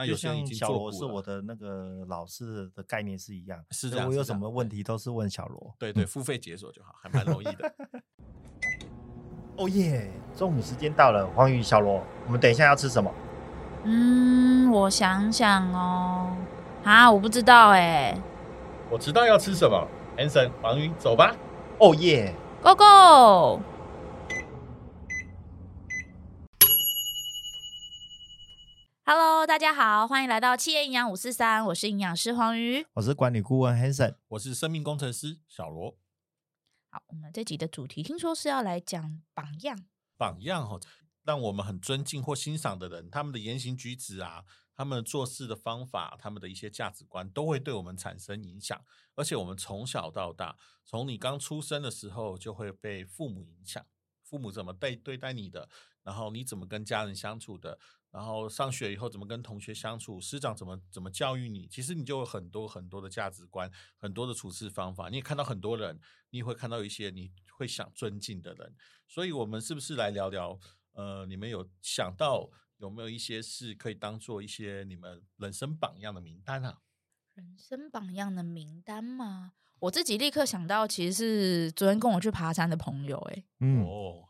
那有就像小羅是我的那個老師的概念是一樣，是我有什麼問題都是問小羅，對對，付費解鎖就好，嗯、還蠻容易的。哦耶，中午時間到了，黃魚、小羅，我們等一下要吃什麼？嗯，我想想哦，啊，我不知道哎、欸，我知道要吃什麼。Anson，黃魚，走吧。哦耶、oh、yeah，Go Go！大家好，歡迎來到企業營養543，我是營養師黃魚，我是管理顧問 Hanson，我是生命工程師小羅。好，我們這集的主題聽說是要來講榜樣。榜樣好、哦、讓我們很尊敬或欣賞的人，他們的言行舉止啊，他們做事的方法，他們的一些價值觀，都會對我們產生影響。而且我們從小到大，從你剛出生的時候，就會被父母影響，父母怎麼被對待你的，然後你怎麼跟家人相處的。然後上學以後怎麼跟同學相處，師長怎麼怎麼教育你，其實你就有很多很多的價值觀，很多的處事方法。你也看到很多人，你也會看到一些你會想尊敬的人。所以，我們是不是來聊聊？呃，你們有想到有沒有一些事可以當做一些你們人生榜樣的名單啊？人生榜樣的名單嗎？我自己立刻想到，其實是昨天跟我去爬山的朋友、欸。哎、嗯，嗯哦，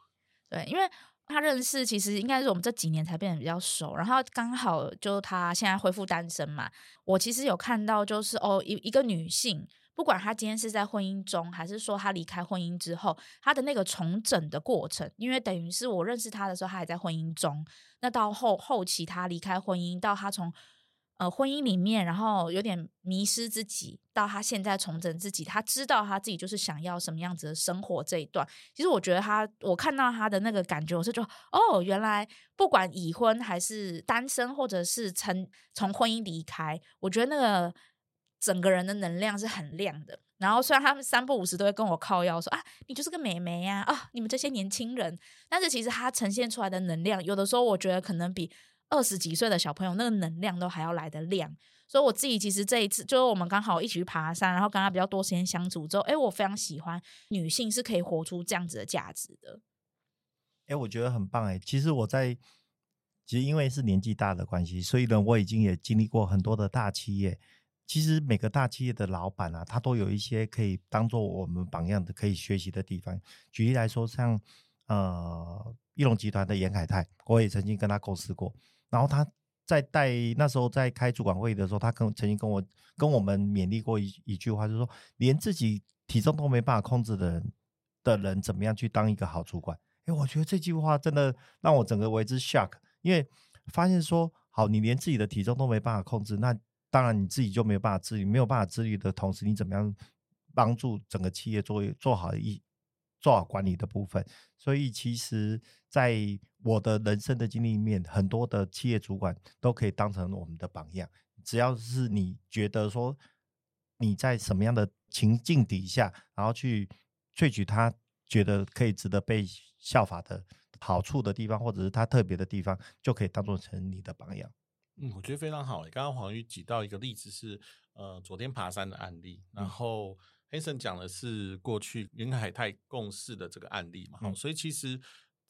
對，因為。他認識其實應該是我們這幾年才變得比較熟，然後剛好就是他現在恢復單身嘛。我其實有看到，就是哦，一一個女性，不管她今天是在婚姻中，還是說她離開婚姻之後，她的那個重整的過程，因為等於是我認識她的時候，她還在婚姻中，那到後後期她離開婚姻，到她從。呃，婚姻裡面，然後有點迷失自己，到他現在重整自己，他知道他自己就是想要什麼樣子的生活。這一段，其實我覺得他，我看到他的那個感覺，我是覺得哦，原來不管已婚還是單身，或者是從從婚姻離開，我覺得那個整個人的能量是很亮的。然後雖然他們三不五時都會跟我靠腰說啊，你就是個美眉呀啊，你們這些年輕人，但是其實他呈現出來的能量，有的時候我覺得可能比。二十幾歲的小朋友，那個能量都還要來得亮，所以我自己其實這一次就是我們剛好一起去爬山，然後跟他比較多時間相處之後，哎、欸，我非常喜歡女性是可以活出這樣子的價值的。哎、欸，我覺得很棒哎、欸。其實我在其實因為是年紀大的關係，所以呢，我已經也經歷過很多的大企業。其實每個大企業的老闆啊，他都有一些可以當做我們榜樣的、可以學習的地方。舉例來說，像呃，一龍集團的嚴凱泰，我也曾經跟他共事過。然後他在帶，那時候在開主管會的時候，他跟曾經跟我跟我們勉勵過一一句話，就是說連自己體重都沒辦法控制的人的人，怎麼樣去當一個好主管？哎，我覺得這句話真的讓我整個為之 shock，因為發現說好，你連自己的體重都沒辦法控制，那當然你自己就沒有辦法自律，沒有辦法自律的同時，你怎麼樣幫助整個企業做做好一做好管理的部分？所以其實。在我的人生的經歷裡面，很多的企業主管都可以當成我們的榜樣。只要是你覺得說你在什麼樣的情境底下，然後去萃取他覺得可以值得被效法的好處的地方，或者是他特別的地方，就可以當做成你的榜樣。嗯，我覺得非常好。剛剛黃魚舉到一個例子是，呃，昨天爬山的案例，嗯、然後黑森講的是過去跟凱泰共事的這個案例嘛、嗯。所以其實。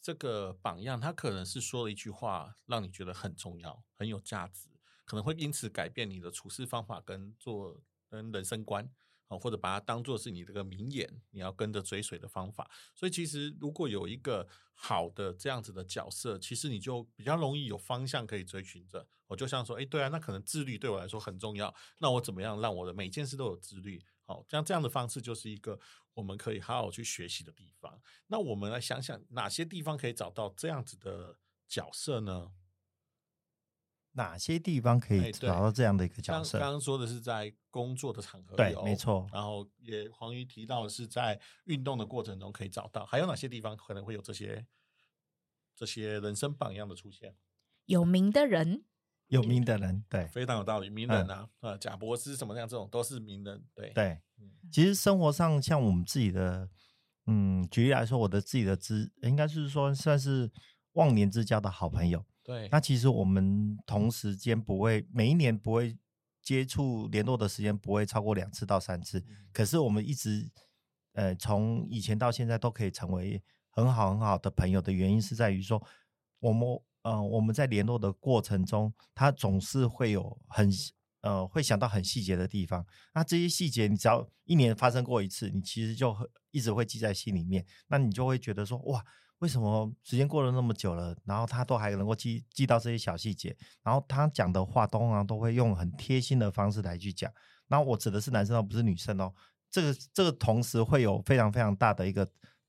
這個榜樣，他可能是說了一句話，讓你覺得很重要、很有價值，可能會因此改變你的處事方法跟做跟人生觀，或者把它當作是你這個名言，你要跟着追隨的方法。所以其實如果有一個好的這樣子的角色，其實你就比較容易有方向可以追尋着。我就像說，哎，對啊，那可能自律對我來說很重要，那我怎麼樣讓我的每件事都有自律？好，像、哦、這，這樣的方式就是一個我們可以好好去學習的地方。那我們來想想，哪些地方可以找到這樣子的角色呢？哪些地方可以找到這樣的一個角色？剛剛說的是在工作的場合，對，沒錯。然後也黃魚提到的是在運動的過程中可以找到，還有哪些地方可能會有這些這些人生榜樣的出現？有名的人。有名的人，對、嗯，非常有道理。名人啊，啊、嗯，賈、呃、伯斯什麼像這種都是名人，對。對，嗯、其實生活上像我們自己的，嗯，舉例來說，我的自己的知，應該是說算是忘年之交的好朋友。嗯、對。那其實我們同時間不會每一年不會接觸聯絡的時間不會超過兩次到三次，嗯、可是我們一直，呃，從以前到現在都可以成為很好很好的朋友的原因是在於說我們。嗯、呃，我們在聯絡的過程中，他總是會有很呃，會想到很細節的地方。那這些細節，你只要一年發生過一次，你其實就一直會記在心裡面。那你就會覺得說，哇，為什麼時間過了那麼久了，然後他都還能夠記記到這些小細節？然後他講的話，通常都會用很貼心的方式來去講。那我指的是男生哦，不是女生哦。這個這個同時會有非常非常大的一個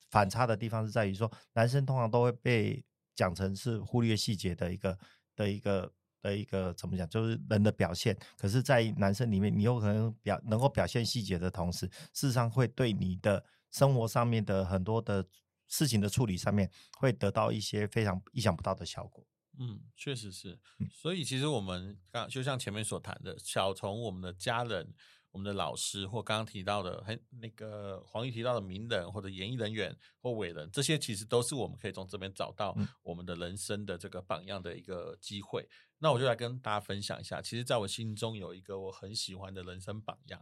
反差的地方，是在於說，男生通常都會被。講成是忽略細節的一個、的一個、的一個，怎麼講？就是人的表現。可是，在男生裡面，你有可能表能夠表現細節的同時，事實上會對你的生活上面的很多的事情的處理上面，會得到一些非常意想不到的效果。嗯，確實是。嗯、所以，其實我們剛就像前面所談的，小從我們的家人，我們的老師，或剛剛提到的，很那個黃魚提到的名人，或者演藝人員或偉人，這些其實都是我們可以從這邊找到我們的人生的這個榜樣的一個機會。嗯、那我就來跟大家分享一下，其實在我心中有一個我很喜歡的人生榜樣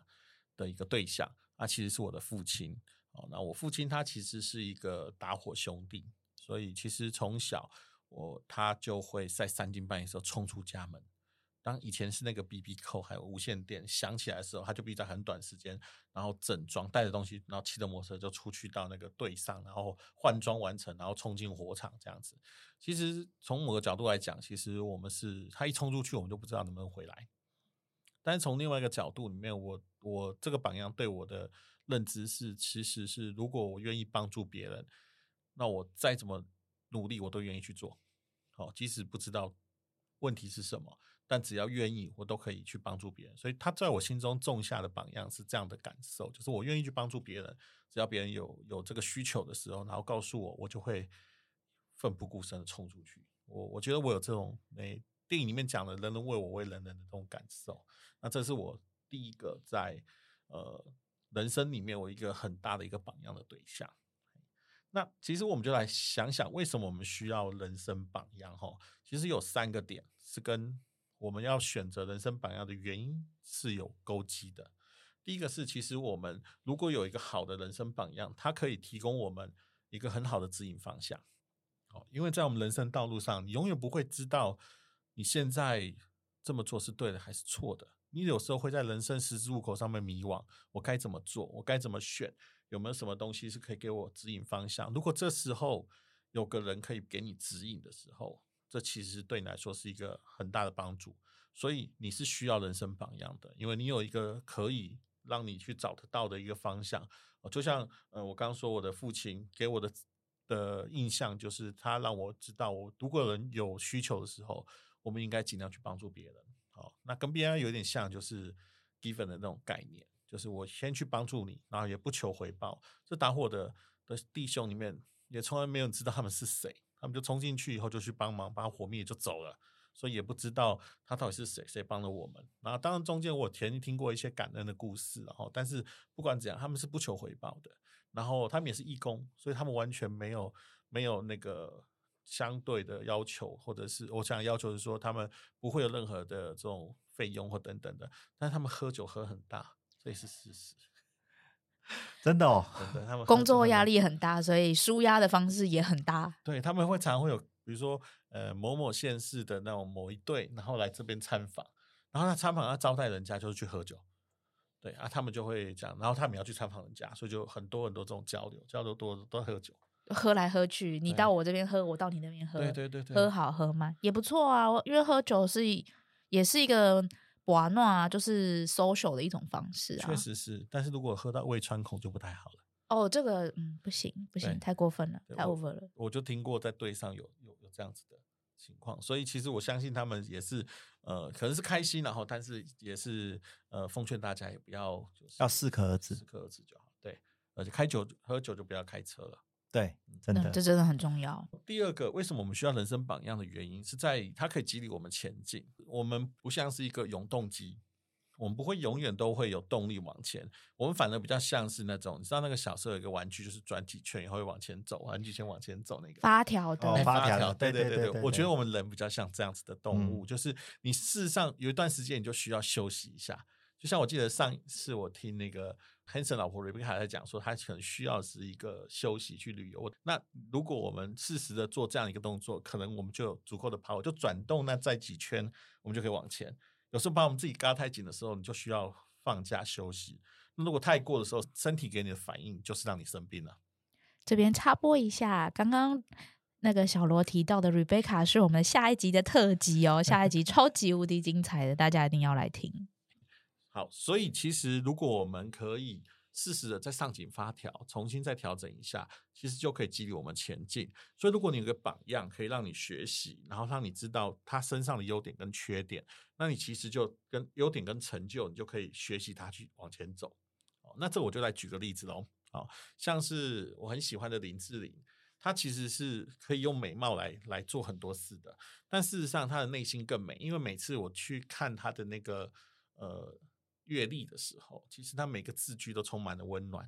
的一個對象，那其實是我的父親。嗯、哦，那我父親他其實是一個打火兄弟，所以其實從小我他就會在三更半夜時候衝出家門。當以前是那個 BB 扣還有無線電響起來的時候，他就必須在很短時間，然後整裝帶着東西，然後騎着摩托車就出去到那個隊上，然後換裝完成，然後衝進火場這樣子。其實從某個角度來講，其實我們是他一衝出去，我們就不知道能不能回來。但是從另外一個角度裡面，我我這個榜樣對我的認知是，其實是如果我願意幫助別人，那我再怎麼努力，我都願意去做。好、哦，即使不知道問題是什麼。但只要願意，我都可以去幫助別人。所以他在我心中種下的榜樣是這樣的感受，就是我願意去幫助別人，只要別人有有這個需求的時候，然後告訴我，我就會奮不顧身的衝出去。我我覺得我有這種，誒、欸，電影裡面講的“人人為我為人人”的這種感受。那這是我第一個在呃人生裡面我一個很大的一個榜樣的對象。那其實我們就來想想，為什麼我們需要人生榜樣？哈，其實有三個點是跟我們要選擇人生榜樣的原因是有勾機的。第一個是，其實我們如果有一個好的人生榜樣，它可以提供我們一個很好的指引方向。好、哦，因為在我們人生道路上，你永遠不會知道你現在這麼做是對的還是錯的。你有時候會在人生十字路口上面迷惘，我該怎麼做？我該怎麼選？有沒有什麼東西是可以給我指引方向？如果這時候有個人可以給你指引的時候，這其實對你來說是一個很大的幫助，所以你是需要人生榜樣的，因為你有一個可以讓你去找得到的一個方向。就像呃，我剛剛說，我的父親給我的的印象就是，他讓我知道，我如果有人有需求的時候，我們應該盡量去幫助別人。好，那跟 B I 有點像，就是 given 的那種概念，就是我先去幫助你，然後也不求回報。這打火的的弟兄裡面，也從來沒有人知道他們是誰。他們就衝進去以後就去幫忙，把火滅就走了，所以也不知道他到底是誰，誰幫了我們。然後當然中間我曾聽過一些感恩的故事，然後但是不管怎樣，他們是不求回報的，然後他們也是義工，所以他們完全沒有沒有那個相對的要求，或者是我想要求是說他們不會有任何的這種費用或等等的。但是他們喝酒喝很大，這也是事實。真的哦，他們工作壓力很大，所以紓壓的方式也很大。嗯、對他們會常會有，比如說呃某某縣市的那種某一隊，然後來這邊參訪，然後他參訪要招待人家就是去喝酒。對啊，他們就會講，然後他們要去參訪人家，所以就很多很多這種交流，交流多都喝酒，喝來喝去，你到我這邊喝，對我到你那邊喝，對對，對對對，喝好喝嗎？也不錯啊，因為喝酒是也是一個。嘩鬧啊，就是 social 的一種方式啊。確實是，但是如果喝到胃穿孔就不太好了。哦，這個嗯，不行不行，對太過分了，對太 over 了。我，我就聽過在隊上有有有這樣子的情況，所以其實我相信他們也是呃，可能是開心然後，但是也是呃，奉勸大家也不要、就是、要適可而止，適可而止就好。對，而且開酒喝酒就不要開車了。對，真的，嗯，這真的很重要。第二個，為什麼我們需要人生榜樣的原因，是在於它可以激勵我們前進。我們不像是一個永動機，我們不會永遠都會有動力往前。我們反而比較像是那種，你知道，那個小時候有一個玩具，就是轉幾圈以後會往前走，玩幾圈往前走那個發條的、哦、發條。對，對對對對，我覺得我們人比較像這樣子的動物，嗯、就是你事實上有一段時間你就需要休息一下。就像我記得上一次我聽那個 Hanson 老婆 Rebecca、ah、在講說，他可能需要是一個休息去旅遊。那如果我們適時的做這樣一個動作，可能我們就有足夠的 power，就轉動那再幾圈，我們就可以往前。有時候把我們自己壓太緊的時候，你就需要放假休息。那如果太過的時候，身體給你的反應就是讓你生病了。這邊插播一下，剛剛那個小羅提到的 Rebecca、ah、是我們下一集的特輯哦，下一集超級無敵精彩的， 大家一定要來聽。好，所以其實如果我們可以適時的再上緊發條，重新再調整一下，其實就可以激勵我們前進。所以如果你有個榜樣，可以讓你學習，然後讓你知道他身上的優點跟缺點，那你其實就跟優點跟成就，你就可以學習他去往前走。那這我就來舉個例子嘍。好，像是我很喜歡的林志玲，她其實是可以用美貌來來做很多事的，但事實上她的內心更美，因為每次我去看她的那個呃。閱歷的時候，其實他每個字句都充滿了溫暖，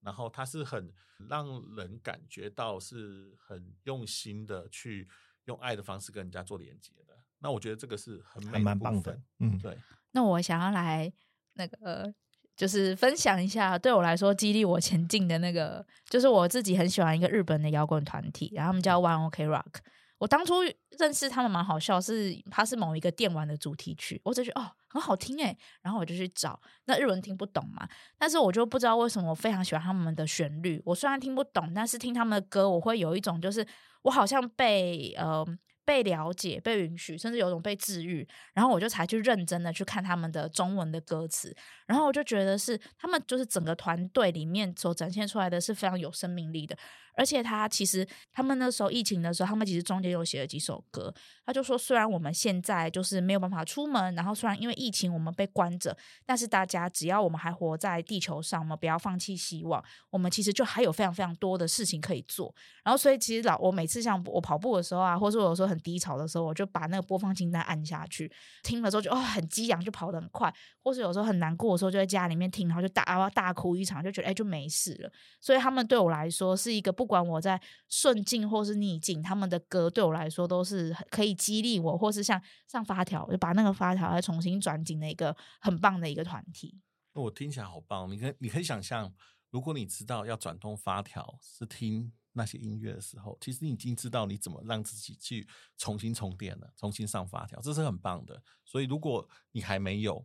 然後他是很讓人感覺到是很用心的去用愛的方式跟人家做連接的。那我覺得這個是很美的部分，蠻棒的。嗯，對。那我想要來那個、呃、就是分享一下，對我來說激勵我前進的那個，就是我自己很喜歡一個日本的搖滾團體，然後他們叫 One Ok Rock。我當初認識他們蠻好笑，是他是某一個電玩的主題曲，我就覺得哦。很好聽欸，然後我就去找那，日文聽不懂嘛，但是我就不知道為什麼我非常喜歡他們的旋律。我雖然聽不懂，但是聽他們的歌，我會有一種就是我好像被呃。被了解、被允許，甚至有種被治癒，然後我就才去認真的去看他們的中文的歌詞，然後我就覺得是他們就是整個團隊裡面所展現出來的是非常有生命力的，而且他其實他們那時候疫情的時候，他們其實中間有寫了幾首歌，他就說雖然我們現在就是沒有辦法出門，然後雖然因為疫情我們被關着，但是大家只要我們還活在地球上，我們不要放棄希望，我們其實就還有非常非常多的事情可以做，然後所以其實老我每次像我跑步的時候啊，或者我說很。低潮的時候，我就把那個播放清單按下去，聽了之後就、哦、很激昂，就跑得很快，或是有時候很難過的時候，就在家裡面聽，然後就大、啊、大哭一場，就覺得哎就沒事了。所以他們對我來說是一個，不管我在順境或是逆境，他們的歌對我來說都是可以激勵我，或是像上發條，我就把那個發條再重新轉緊的一個很棒的一個團體。那我聽起來好棒，你可以，你可以想象，如果你知道要轉動發條是聽。那些音樂的時候，其實你已經知道你怎麼讓自己去重新充電了，重新上發條，這是很棒的。所以，如果你還沒有，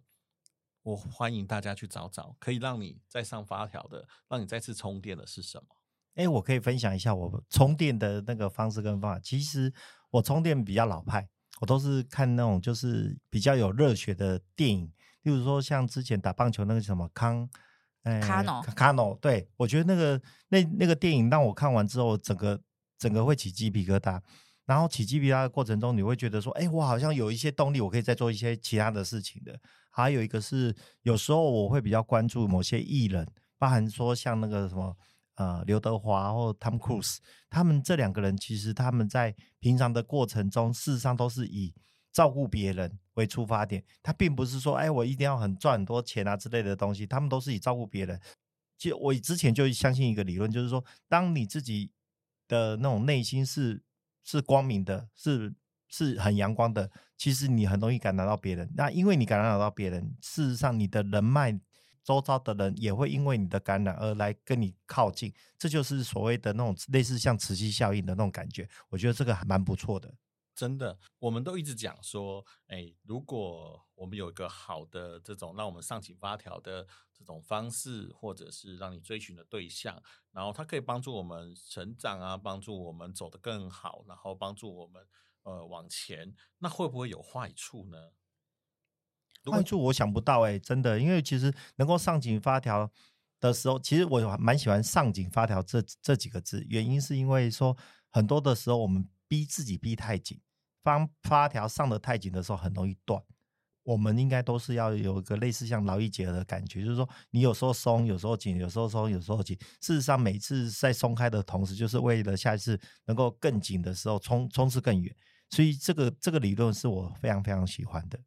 我歡迎大家去找找可以讓你再上發條的，讓你再次充電的是什麼？誒、欸，我可以分享一下我充電的那個方式跟方法。其實我充電比較老派，我都是看那種就是比較有熱血的電影，例如說像之前打棒球那個什麼康、誒，卡諾，卡諾，對，我覺得那個那那個電影讓我看完之後，整個整個會起雞皮疙瘩，然後起雞皮疙瘩的過程中，你會覺得說，哎，我好像有一些動力，我可以再做一些其他的事情的。還有一個是，有時候我會比較關注某些藝人，包含說像那個什麼，呃，劉德華或湯姆·克魯斯，他們這兩個人其實他們在平常的過程中，事實上都是以。照顧別人為出發點，他並不是說，哎，我一定要很賺很多錢啊之類的東西。他們都是以照顧別人。就我之前就相信一個理論，就是說，當你自己的那種內心是是光明的，是是很陽光的，其實你很容易感染到別人。那因為你感染到別人，事實上你的人脈，周遭的人也會因為你的感染而來跟你靠近。這就是所謂的那種類似像磁吸效應的那種感覺。我覺得這個還蠻不錯的。真的，我們都一直講說，哎、欸，如果我們有一個好的這種讓我們上緊發條的這種方式，或者是讓你追尋的對象，然後它可以幫助我們成長啊，幫助我們走得更好，然後幫助我們呃往前，那會不會有壞處呢？壞處我想不到、欸，誒，真的，因為其實能夠上緊發條的時候，其實我蠻喜歡上緊“上緊發條”這這幾個字，原因是因為說很多的時候我們逼自己逼太緊。方發，發條上的太緊的時候很容易斷，我們應該都是要有一個類似像勞逸結合的感覺，就是說你有時候鬆，有時候緊，有時候鬆，有時候緊。事實上，每次在鬆開的同時，就是為了下一次能夠更緊的時候衝衝刺更遠。所以，這個這個理論是我非常非常喜歡的。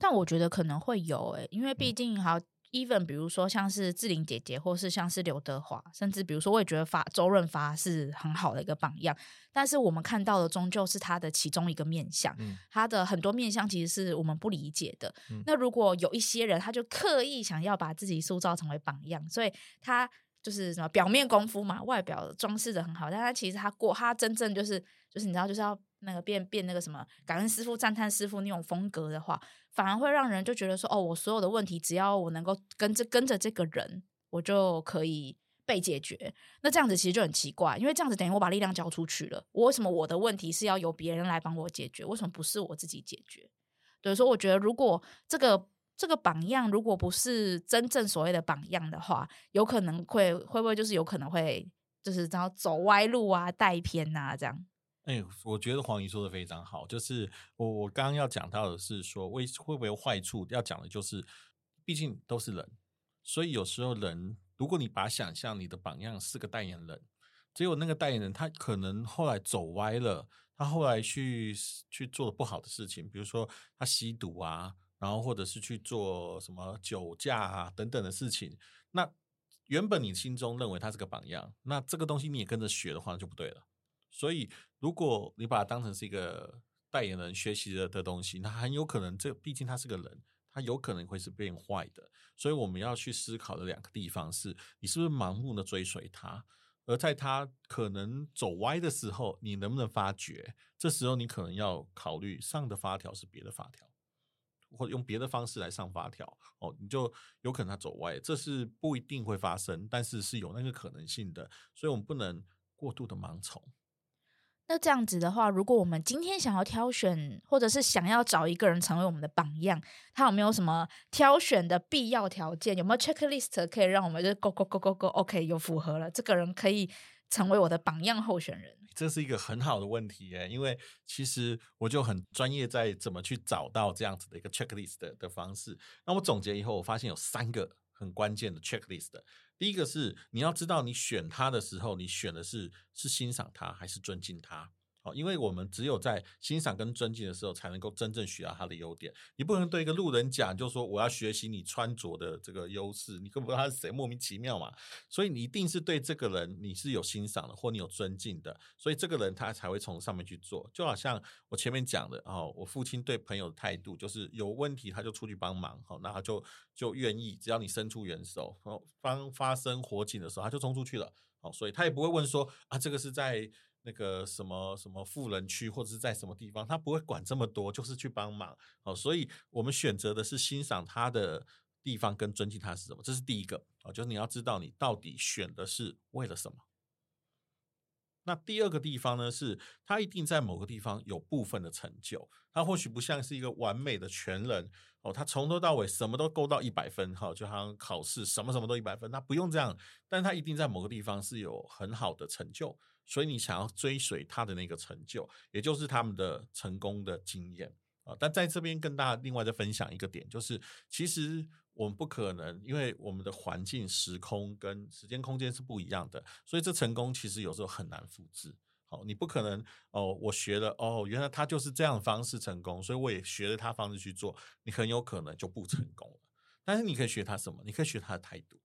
但我覺得可能會有誒、欸，因為畢竟還。嗯 even 比如說像是志玲姐姐，或是像是劉德華，甚至比如說我也覺得發周潤發是很好的一個榜樣。但是我們看到的終究是他的其中一個面相，他的很多面相其實是我們不理解的。嗯、那如果有一些人，他就刻意想要把自己塑造成為榜樣，所以他就是什麼表面功夫嘛，外表裝飾得很好，但他其實他過他真正就是就是你知道就是要。那個變變那個什麼感恩師傅讚嘆師傅那種風格的話，反而會讓人就覺得說哦，我所有的問題只要我能夠跟着跟着這個人，我就可以被解決。那這樣子其實就很奇怪，因為這樣子等於我把力量交出去了。我為什麼我的問題是要由別人來幫我解決？為什麼不是我自己解決？比如說，我覺得如果這個這個榜樣如果不是真正所謂的榜樣的話，有可能會會不會就是有可能會就是然後走歪路啊，帶偏啊這樣。哎，我覺得黃魚說的非常好。就是我我剛剛要講到的是說，會會不會有壞處？要講的就是，畢竟都是人，所以有時候人，如果你把想象你的榜樣是個代言人，結果那個代言人他可能後來走歪了，他後來去去做了不好的事情，比如說他吸毒啊，然後或者是去做什麼酒駕啊等等的事情。那原本你心中認為他是個榜樣，那這個東西你也跟着學的話，就不對了。所以，如果你把他當成是一個代言人學習的的東西，那很有可能這，這畢竟他是個人，他有可能會是變壞的。所以，我們要去思考的兩個地方是：你是不是盲目的追隨他？而在他可能走歪的時候，你能不能發覺？這時候，你可能要考慮上的發條是別的發條，或者用別的方式來上發條。哦，你就有可能他走歪，這是不一定會發生，但是是有那個可能性的。所以，我們不能過度的盲從。那這樣子的話，如果我們今天想要挑選，或者是想要找一個人成為我們的榜樣，他有沒有什麼挑選的必要條件？有沒有 checklist 可以讓我們就 go go go go go，OK，有符合了，這個人可以成為我的榜樣候選人？這是一個很好的問題耶，因為其實我就很專業在怎麼去找到這樣子的一個 checklist 的方式。那我總結以後，我發現有三個很關鍵的 checklist。第一個是，你要知道，你選他的時候，你選的是是欣賞他還是尊敬他。因為我們只有在欣賞跟尊敬的時候，才能夠真正學到他的優點。你不能對一個路人講，就是說我要學習你穿着的這個優勢，你更不知道他是誰，莫名其妙嘛。所以你一定是對這個人，你是有欣賞的，或你有尊敬的，所以這個人他才會從上面去做。就好像我前面講的，哦，我父親對朋友的態度，就是有問題他就出去幫忙，哦，那他就就願意只要你伸出援手。然後發生火警的時候，他就衝出去了，哦，所以他也不會問說啊，這個是在。那個什麼什麼富人區，或者是在什麼地方，他不會管這麼多，就是去幫忙哦。所以我們選擇的是欣賞他的地方跟尊敬他是什麼，這是第一個啊、哦，就是你要知道你到底選的是為了什麼。那第二個地方呢，是他一定在某個地方有部分的成就，他或許不像是一個完美的全人哦，他從頭到尾什麼都夠到一百分哈、哦，就好像考試什麼什麼都一百分，那不用這樣，但他一定在某個地方是有很好的成就，所以你想要追隨他的那個成就，也就是他們的成功的經驗。啊，但在這邊跟大家，另外再分享一個點，就是其實我們不可能，因為我們的環境、時空跟時間、空間是不一樣的，所以這成功其實有時候很難複製。好，你不可能哦，我學了哦，原來他就是這樣的方式成功，所以我也學了他方式去做，你很有可能就不成功。但是你可以學他什麼？你可以學他的態度。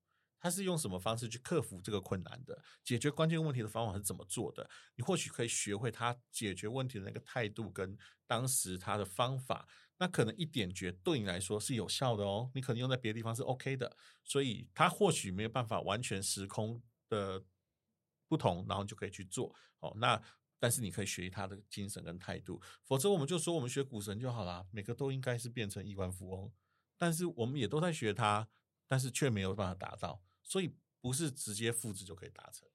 他是用什麼方式去克服這個困難的？解決關鍵問題的方法是怎麼做的？你或許可以學會他解決問題的那個態度跟當時他的方法。那可能一點絕對你來說是有效的哦，你可能用在別的地方是 OK 的。所以他或許沒有辦法完全時空的不同，然後你就可以去做好。哦。那但是你可以學習他的精神跟態度，否則我們就說我們學股神就好了，每個都應該是變成億萬富翁。但是我們也都在學他，但是卻沒有辦法達到。所以不是直接複制就可以達成。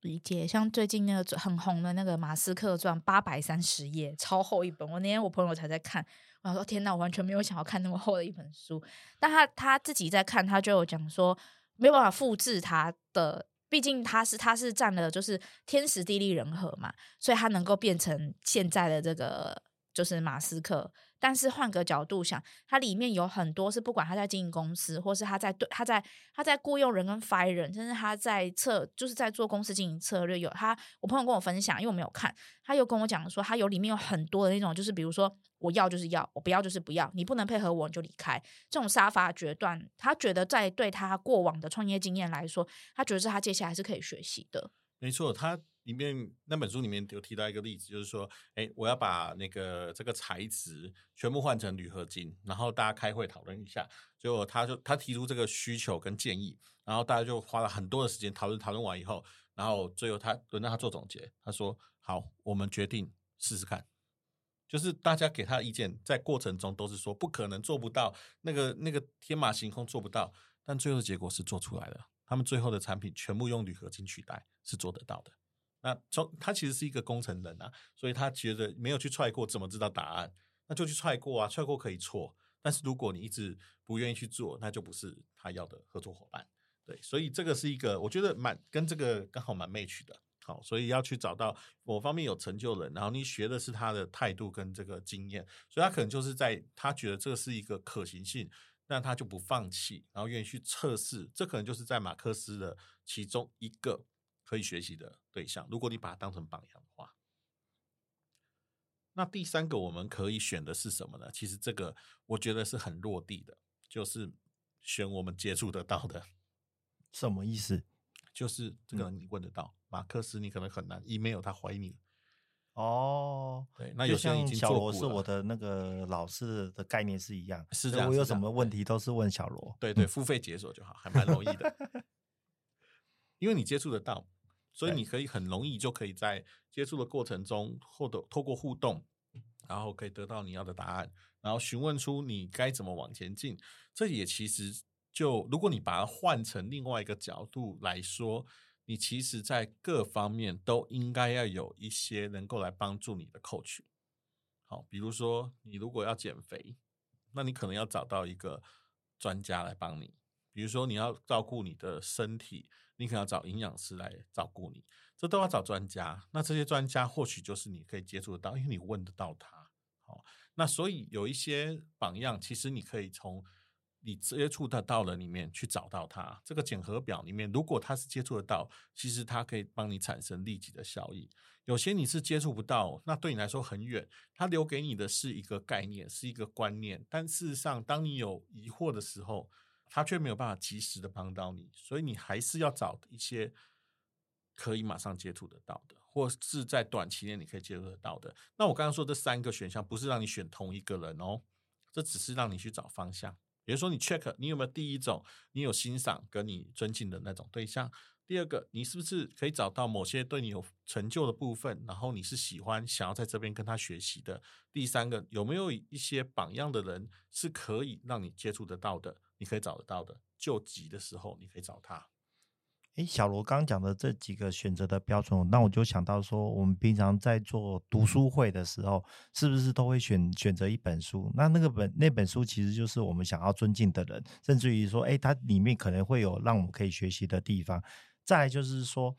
理解，像最近那個很紅的那個馬斯克傳，八百三十頁，超厚一本。我那天我朋友才在看，我想說天哪，我完全沒有想要看那麼厚的一本書。但他他自己在看，他就有講說沒有辦法複制他的，畢竟他是他是占了就是天時地利人和嘛，所以他能夠變成現在的這個就是馬斯克。但是換個角度想，它裡面有很多是不管他在經營公司，或是他在對他在他在雇傭人跟 fire 人，甚至他在策，就是在做公司經營策略。有他，我朋友跟我分享，因為我沒有看，他又跟我講說，他有裡面有很多的那種，就是比如說我要就是要，我不要就是不要，你不能配合我就離開，這種殺伐決斷，他覺得在對他過往的創業經驗來說，他覺得是他接下來是可以學習的。沒錯，他裡面那本書裡面有提到一個例子，就是說，哎、欸，我要把那個這個材質全部換成鋁合金，然後大家開會討論一下。結果他就他提出這個需求跟建議，然後大家就花了很多的時間討論，討論完以後，然後最後他輪到他做總結，他說：“好，我們決定試試看。”就是大家給他意見，在過程中都是說不可能做不到，那個那個天馬行空做不到，但最後的結果是做出來了。他們最後的產品全部用鋁合金取代是做得到的。那從他其實是一個工程人啊，所以他覺得沒有去踹過怎麼知道答案？那就去踹過啊，踹過可以錯，但是如果你一直不願意去做，那就不是他要的合作夥伴。對，所以這個是一個我覺得蠻跟這個剛好蠻 match 的。好，所以要去找到某方面有成就的人，然後你學的是他的態度跟這個經驗，所以他可能就是在他覺得這是一個可行性。那他就不放棄，然後願意去測試，這可能就是在馬克斯的其中一個可以學習的對象。如果你把他當成榜樣的話，那第三個我們可以選的是什麼呢？其實這個我覺得是很落地的，就是選我們接觸得到的。什麼意思？就是這個你問得到、嗯、馬克斯，你可能很難 email 他，懷疑你。哦，對，那就像小羅是我的那個老師的概念是一樣，是這樣，我有什麼問題都是問小羅，對對，對，付費解鎖就好，還蠻容易的， 因為你接觸得到，所以你可以很容易就可以在接觸的過程中，獲得透過互動，然後可以得到你要的答案，然後詢問出你該怎麼往前進。這也其實就，如果你把它換成另外一個角度來說。你其實，在各方面都應該要有一些能夠來幫助你的 coach。好，比如說你如果要減肥，那你可能要找到一個專家來幫你。比如說你要照顧你的身體，你可能要找營養師來照顧你，這都要找專家。那這些專家或許就是你可以接觸得到，因為你問得到他。好，那所以有一些榜樣，其實你可以從。你接觸的到了裡面去找到它，這個檢核表裡面，如果他是接觸得到，其實他可以幫你產生立即的效益。有些你是接觸不到，那對你來說很遠。他留給你的是一個概念，是一個觀念。但事實上，當你有疑惑的時候，他卻沒有辦法及時的幫到你。所以你還是要找一些可以馬上接觸得到的，或是在短期內你可以接觸得到的。那我剛剛說這三個選項，不是讓你選同一個人哦，這只是讓你去找方向。比如說，你 check 你有沒有第一種，你有欣賞跟你尊敬的那種對象；第二個，你是不是可以找到某些對你有成就的部分，然後你是喜歡想要在這邊跟他學習的；第三個，有沒有一些榜樣的人是可以讓你接觸得到的，你可以找得到的，救急的時候你可以找他。誒，小羅剛，剛講的這幾個選擇的標準，那我就想到說，我們平常在做讀書會的時候，是不是都會選、嗯、選擇一本書？那那個本那本書其實就是我們想要尊敬的人，甚至於說，誒，它裡面可能會有讓我們可以學習的地方。再來就是說，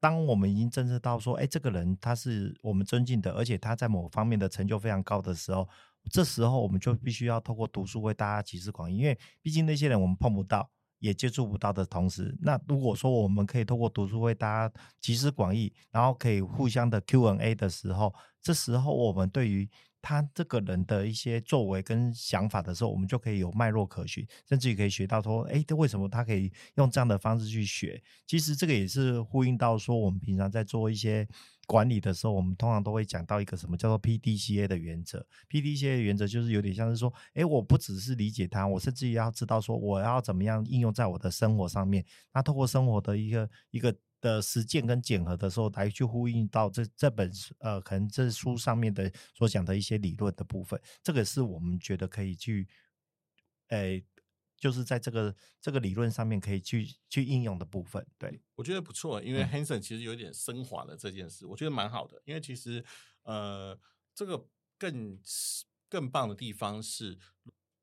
當我們已經認識到說，誒，這個人他是我們尊敬的，而且他在某方面的成就非常高的時候，這時候我們就必須要透過讀書會，大家集思廣益，因為畢竟那些人我們碰不到。也接觸不到的同時，那如果說我們可以透過讀書會大家集思廣益，然後可以互相的 Q&A 的時候，這時候我們對於他這個人的一些作為跟想法的時候，我們就可以有脈絡可循，甚至於可以學到說，哎，他為什麼他可以用這樣的方式去學？其實這個也是呼應到說，我們平常在做一些管理的時候，我們通常都會講到一個什麼叫做 PDCA 的原則。PDCA 的原則就是有點像是說，誒，我不只是理解它，我甚至於要知道說我要怎麼樣應用在我的生活上面。那透過生活的一個一個的實踐跟檢核的時候，來去呼應到這這本書呃，可能這書上面的所講的一些理論的部分。這個是我們覺得可以去，誒、呃。就是在這個這個理論上面可以去去應用的部分，對，我覺得不錯。因為 Hanson 其實有點升華了這件事，嗯、我覺得蠻好的。因為其實，呃，這個更更棒的地方是，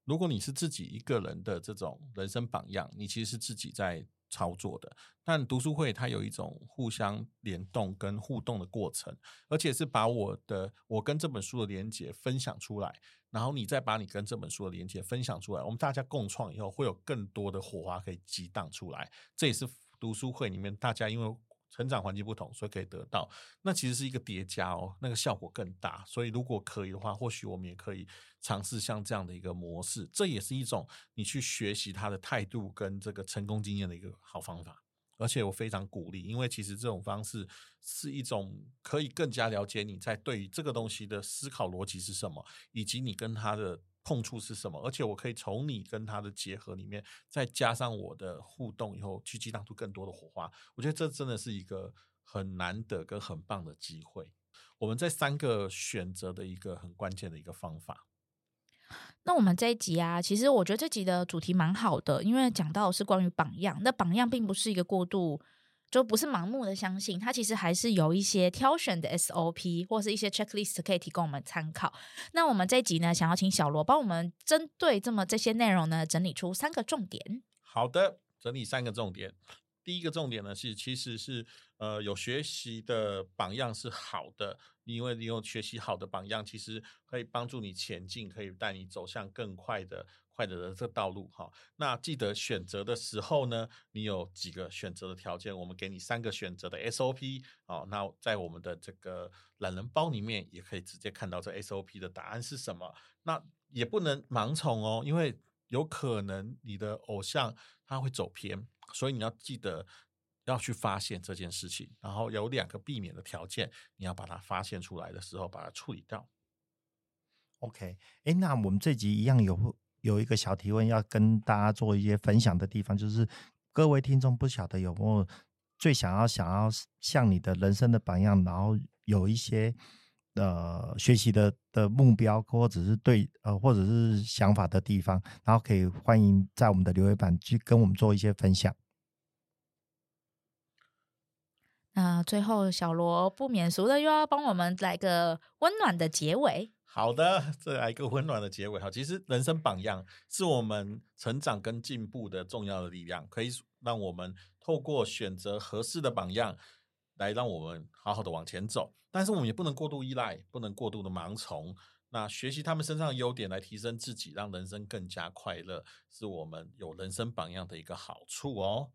如果你是自己一個人的這種人生榜樣，你其實是自己在操作的。但讀書會它有一種互相聯動跟互動的過程，而且是把我的我跟這本書的連接分享出來。然後你再把你跟這本書的連接分享出來，我們大家共創以後，會有更多的火花可以激盪出來。這也是讀書會裡面大家因為成長環境不同，所以可以得到。那其實是一個疊加哦，那個效果更大。所以如果可以的話，或許我們也可以嘗試像這樣的一個模式。這也是一種你去學習他的態度跟這個成功經驗的一個好方法。而且我非常鼓勵，因為其實這種方式是一種可以更加了解你在對於這個東西的思考邏輯是什麼，以及你跟它的碰觸是什麼。而且我可以從你跟它的結合裡面，再加上我的互動以後，去激盪出更多的火花。我覺得這真的是一個很難得跟很棒的機會。我們這三個選擇的一個很關鍵的一個方法。那我們這一集啊，其實我覺得這集的主題蠻好的，因為講到的是關於榜樣。那榜樣並不是一個過度，就不是盲目的相信，它其實還是有一些挑選的 SOP 或是一些 checklist 可以提供我們參考。那我們這一集呢，想要請小羅幫我們針對這麼這些內容呢，整理出三個重點。好的，整理三個重點。第一個重點呢是，其實是呃，有學習的榜樣是好的。因為你有學習好的榜樣，其實可以幫助你前進，可以帶你走向更快的、快的這個道路哈。那記得選擇的時候呢，你有幾個選擇的條件，我們給你三個選擇的 SOP 好，那在我們的這個懶人包裡面，也可以直接看到這 SOP 的答案是什麼。那也不能盲從哦，因為有可能你的偶像他會走偏，所以你要記得。要去發現這件事情，然後有兩個避免的條件，你要把它發現出來的時候，把它處理掉。OK，哎、欸，那我們這集一樣有有一個小提問，要跟大家做一些分享的地方，就是各位聽眾不曉得有沒有最想要想要向你的人生的榜樣，然後有一些呃學習的的目標，或者是對呃或者是想法的地方，然後可以歡迎在我們的留言板去跟我們做一些分享。那最後，小羅不免俗的又要幫我們來個溫暖的結尾。好的，再來一個溫暖的結尾。哈，其實人生榜樣是我們成長跟進步的重要的力量，可以讓我們透過選擇合適的榜樣來讓我們好好的往前走。但是我們也不能過度依賴，不能過度的盲從。那學習他們身上的優點來提升自己，讓人生更加快樂，是我們有人生榜樣的一個好處哦。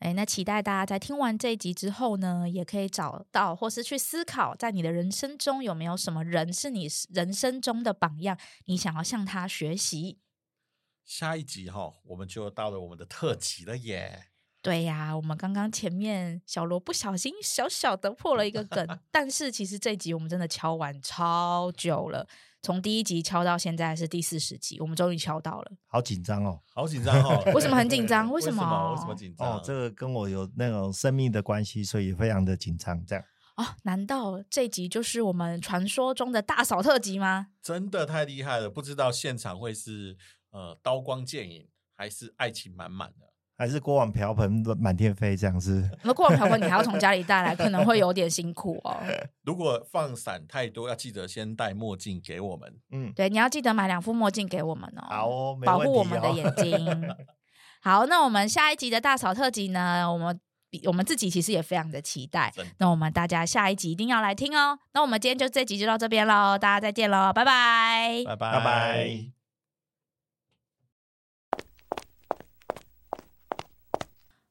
哎，那期待大家在聽完這一集之後呢，也可以找到或是去思考，在你的人生中有沒有什麼人是你人生中的榜樣，你想要向他學習。下一集哈、哦，我們就到了我們的特輯了耶。對呀、啊，我們剛剛前面小羅不小心小小的破了一個梗， 但是其實這集我們真的敲完超久了。從第一集敲到現在是第四十集，我們終於敲到了，好緊張哦，好緊張哦。 對為什麼很緊張？為什麼？為什麼緊張？哦，這個跟我有那種生命的關係，所以非常的緊張。這樣哦，難道這集就是我們傳說中的大嫂特輯嗎？真的太厲害了，不知道現場會是呃刀光劍影，還是愛情滿滿的。還是鍋碗瓢盆滿天飛這樣子，嗯。那鍋碗瓢盆你還要從家裡帶來， 可能會有點辛苦哦。如果放傘太多，要記得先戴墨鏡給我們。嗯，對，你要記得買兩副墨鏡給我們哦，好哦，哦，保護我們的眼睛。 好，那我們下一集的大掃特集呢？我們我們自己其實也非常的期待。的那我們大家下一集一定要來聽哦。那我們今天就這集就到這邊嘍，大家再見嘍，拜拜，拜拜 bye。Bye bye